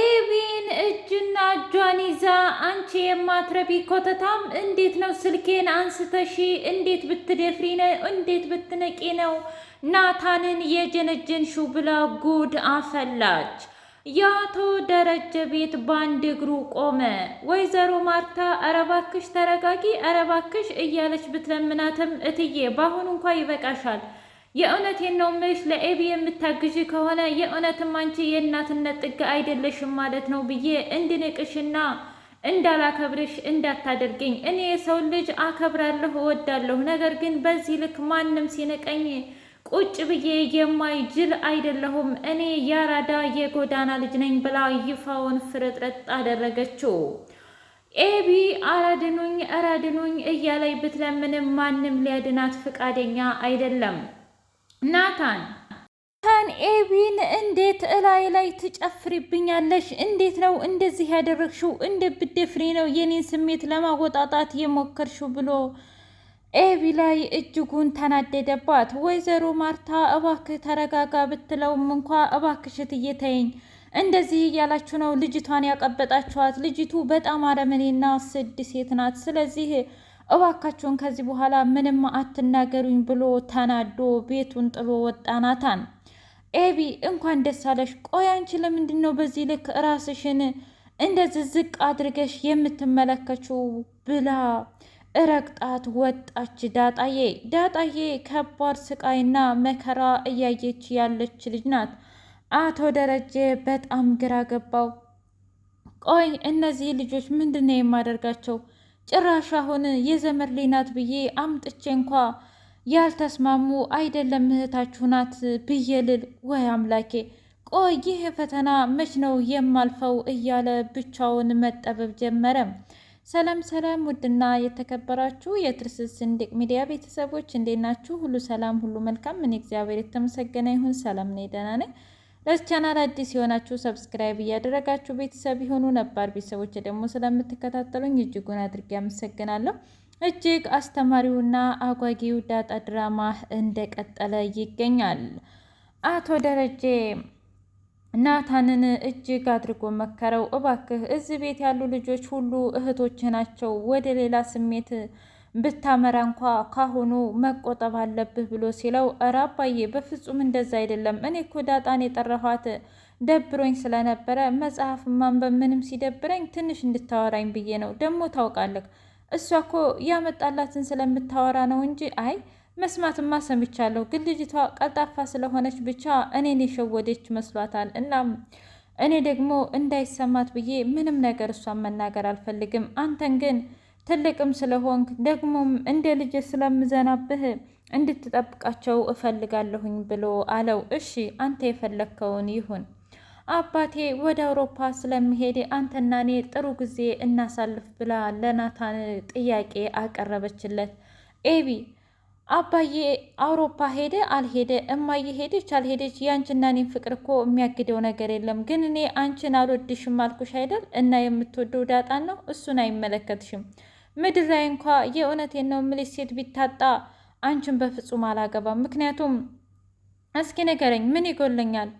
ኤቢን እጅና እጇን ይዛ አንቺ የማትረቢ ኮተታም እንዴት ነው ስልኬን አንስተሺ እንዴት ብትደፍሪ ነው እንዴት ብትነቂ ነው ናታንን የጀነጀንሹ ብላ ጉድ አፈላች። የአቶ ደረጀ ቤት በአንድ እግሩ ቆመ። ወይዘሮ ማርታ አረባክሽ ተረጋጊ፣ አረባክሽ እያለች ብትለምናትም እትዬ በአሁኑ እንኳ ይበቃሻል የእውነቴን ነው የምልሽ ለኤቢ የምታግዥ ከሆነ የእውነትም አንቺ የእናትነት ጥግ አይደለሽም ማለት ነው ብዬ እንድንቅሽና እንዳላከብርሽ እንዳታደርገኝ። እኔ የሰው ልጅ አከብራለሁ፣ እወዳለሁ። ነገር ግን በዚህ ልክ ማንም ሲንቀኝ ቁጭ ብዬ የማይ ጅል አይደለሁም። እኔ ያራዳ የጎዳና ልጅ ነኝ ብላ ይፋውን ፍርጥረጥ አደረገችው። ኤቢ አራድኑኝ አራድኑኝ እያለች ብትለምንም ማንም ሊያድናት ፈቃደኛ አይደለም። ናታን ናታን ኤቢን እንዴት እላይ ላይ ትጨፍሪብኛለሽ? እንዴት ነው እንደዚህ ያደረግሽው? እንደ ብደፍሪ ነው የኔን ስሜት ለማወጣጣት የሞከርሽው ብሎ ኤቢ ላይ እጅጉን ተናደደባት። ወይዘሮ ማርታ እባክህ ተረጋጋ ብትለውም እንኳ እባክሽት እየተይኝ እንደዚህ እያላችሁ ነው ልጅቷን ያቀበጣችኋት። ልጅቱ በጣም አረመኔና ስድ ሴት ናት። ስለዚህ እባካችሁን ከዚህ በኋላ ምንም አትናገሩኝ ብሎ ተናዶ ቤቱን ጥሎ ወጣ ናታን። ኤቢ እንኳን ደስ አለሽ። ቆይ አንቺ ለምንድን ነው በዚህ ልክ ራስሽን እንደዚህ ዝቅ አድርገሽ የምትመለከችው? ብላ እረግጣት ወጣች። ዳጣዬ ዳጣዬ ከባድ ስቃይና መከራ እያየች ያለች ልጅ ናት። አቶ ደረጀ በጣም ግራ ገባው። ቆይ እነዚህ ልጆች ምንድን ነው የማደርጋቸው? ጭራሽ አሁን የዘመድ ሌናት ብዬ አምጥቼ እንኳ ያልተስማሙ አይደለም እህታችሁ ናት ብዬ ልል ወይ አምላኬ፣ ቆይ ይህ ፈተና መች ነው የማልፈው እያለ ብቻውን መጠበብ ጀመረ። ሰላም ሰላም! ውድና የተከበራችሁ የትርስስ ስንድቅ ሚዲያ ቤተሰቦች እንዴት ናችሁ? ሁሉ ሰላም፣ ሁሉ መልካም። ምን እግዚአብሔር የተመሰገነ ይሁን። ሰላም ነኝ፣ ደህና ነኝ። ለዚህ ቻናል አዲስ የሆናችሁ ሰብስክራይብ እያደረጋችሁ ቤተሰብ የሆኑ ነባር ቤተሰቦች ደግሞ ስለምትከታተሉኝ እጅጉን አድርጌ አመሰግናለሁ። እጅግ አስተማሪውና አጓጊው ዳጣ ድራማ እንደቀጠለ ይገኛል። አቶ ደረጀ ናታንን እጅግ አድርጎ መከረው። እባክህ እዚህ ቤት ያሉ ልጆች ሁሉ እህቶች ናቸው፣ ወደ ሌላ ስሜት ብታመራ እንኳ ካሁኑ መቆጠብ አለብህ ብሎ ሲለው እረ አባዬ በፍጹም እንደዛ አይደለም። እኔ እኮ ዳጣን የጠራኋት ደብሮኝ ስለነበረ መጽሐፍ ማንበብ ምንም ሲደብረኝ ትንሽ እንድታወራኝ ብዬ ነው። ደግሞ ታውቃለህ እሷ እኮ ያመጣላትን ስለምታወራ ነው እንጂ አይ መስማትማ ሰምቻለሁ፣ ግን ልጅቷ ቀልጣፋ ስለሆነች ብቻ እኔን የሸወደች መስሏታል። እናም እኔ ደግሞ እንዳይሰማት ብዬ ምንም ነገር እሷን መናገር አልፈልግም። አንተን ግን ትልቅም ስለሆንክ ደግሞም እንደ ልጅ ስለምዘናብህ እንድትጠብቃቸው እፈልጋለሁኝ ብሎ አለው። እሺ አንተ የፈለግከውን ይሁን። አባቴ ወደ አውሮፓ ስለሚሄድ አንተና እኔ ጥሩ ጊዜ እናሳልፍ ብላ ለናታን ጥያቄ አቀረበችለት። ኤቢ አባዬ አውሮፓ ሄደ አልሄደ፣ እማዬ ሄደች አልሄደች፣ የአንችና እኔን ፍቅር እኮ የሚያግደው ነገር የለም። ግን እኔ አንችን አልወድሽም አልኩሽ አይደል? እና የምትወደው ዳጣን ነው፣ እሱን አይመለከትሽም ምድር ላይ እንኳ የእውነቴን ነው የምልሽ ሴት ቢታጣ አንቺን በፍጹም አላገባም። ምክንያቱም እስኪ ንገረኝ፣ ምን ይጎልኛል?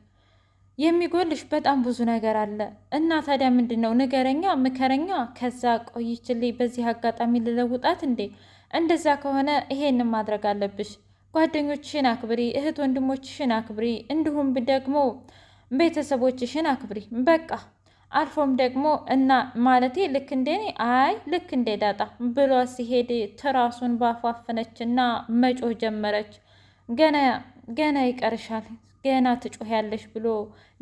የሚጎልሽ በጣም ብዙ ነገር አለ እና ታዲያ ምንድን ነው? ንገረኛ፣ ምከረኛ። ከዛ ቆይችልኝ፣ በዚህ አጋጣሚ ልለውጣት እንዴ? እንደዛ ከሆነ ይሄንን ማድረግ አለብሽ። ጓደኞችሽን አክብሪ፣ እህት ወንድሞችሽን አክብሪ፣ እንዲሁም ደግሞ ቤተሰቦችሽን አክብሪ። በቃ አልፎም ደግሞ እና ማለቴ ልክ እንደኔ አይ ልክ እንደ ዳጣ ብሎ ሲሄድ ትራሱን ባፏፈነች እና መጮህ ጀመረች። ገና ገና ይቀርሻል ገና ትጮህ ያለሽ ብሎ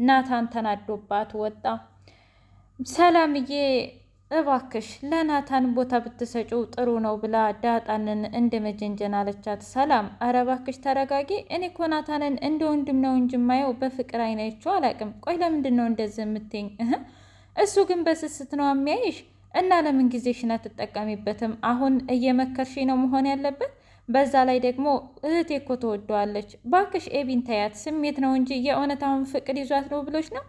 ናታን ተናዶባት ወጣ። ሰላምዬ እባክሽ ለናታን ቦታ ብትሰጩ ጥሩ ነው ብላ ዳጣንን እንደ መጀንጀን አለቻት። ሰላም ኧረ እባክሽ ተረጋጊ። እኔ እኮ ናታንን እንደ ወንድም ነው እንጂ የማየው በፍቅር አይነችው አላውቅም። ቆይ ለምንድን ነው እንደዚህ የምትይኝ? እሱ ግን በስስት ነው የሚያይሽ እና ለምን ጊዜሽን አትጠቀሚበትም? አሁን እየመከርሽ ነው መሆን ያለበት። በዛ ላይ ደግሞ እህቴ እኮ ተወደዋለች። ባክሽ ኤቢን ታያት፣ ስሜት ነው እንጂ የእውነታውን ፍቅር ይዟት ነው ብሎች ነው።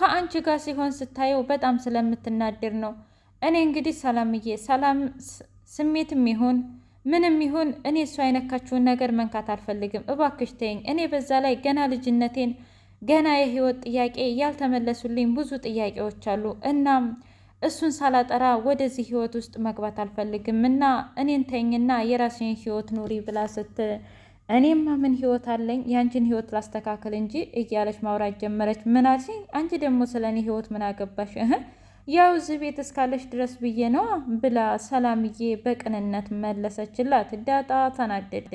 ከአንቺ ጋር ሲሆን ስታየው በጣም ስለምትናድር ነው። እኔ እንግዲህ ሰላምዬ፣ ሰላም ስሜትም ይሁን ምንም ይሁን እኔ እሱ አይነካችውን ነገር መንካት አልፈልግም። እባክሽ ተይኝ። እኔ በዛ ላይ ገና ልጅነቴን ገና የህይወት ጥያቄ ያልተመለሱልኝ ብዙ ጥያቄዎች አሉ። እናም እሱን ሳላጠራ ወደዚህ ህይወት ውስጥ መግባት አልፈልግም እና እኔን ተኝና የራሴን ህይወት ኑሪ ብላ ስት እኔማ ምን ህይወት አለኝ የአንቺን ህይወት ላስተካከል እንጂ እያለች ማውራት ጀመረች። ምን አልሽኝ? አንቺ ደግሞ ስለ እኔ ህይወት ምን አገባሽ? ያው እዚህ ቤት እስካለሽ ድረስ ብዬ ነዋ ብላ ሰላምዬ በቅንነት መለሰችላት። ዳጣ ተናደደ።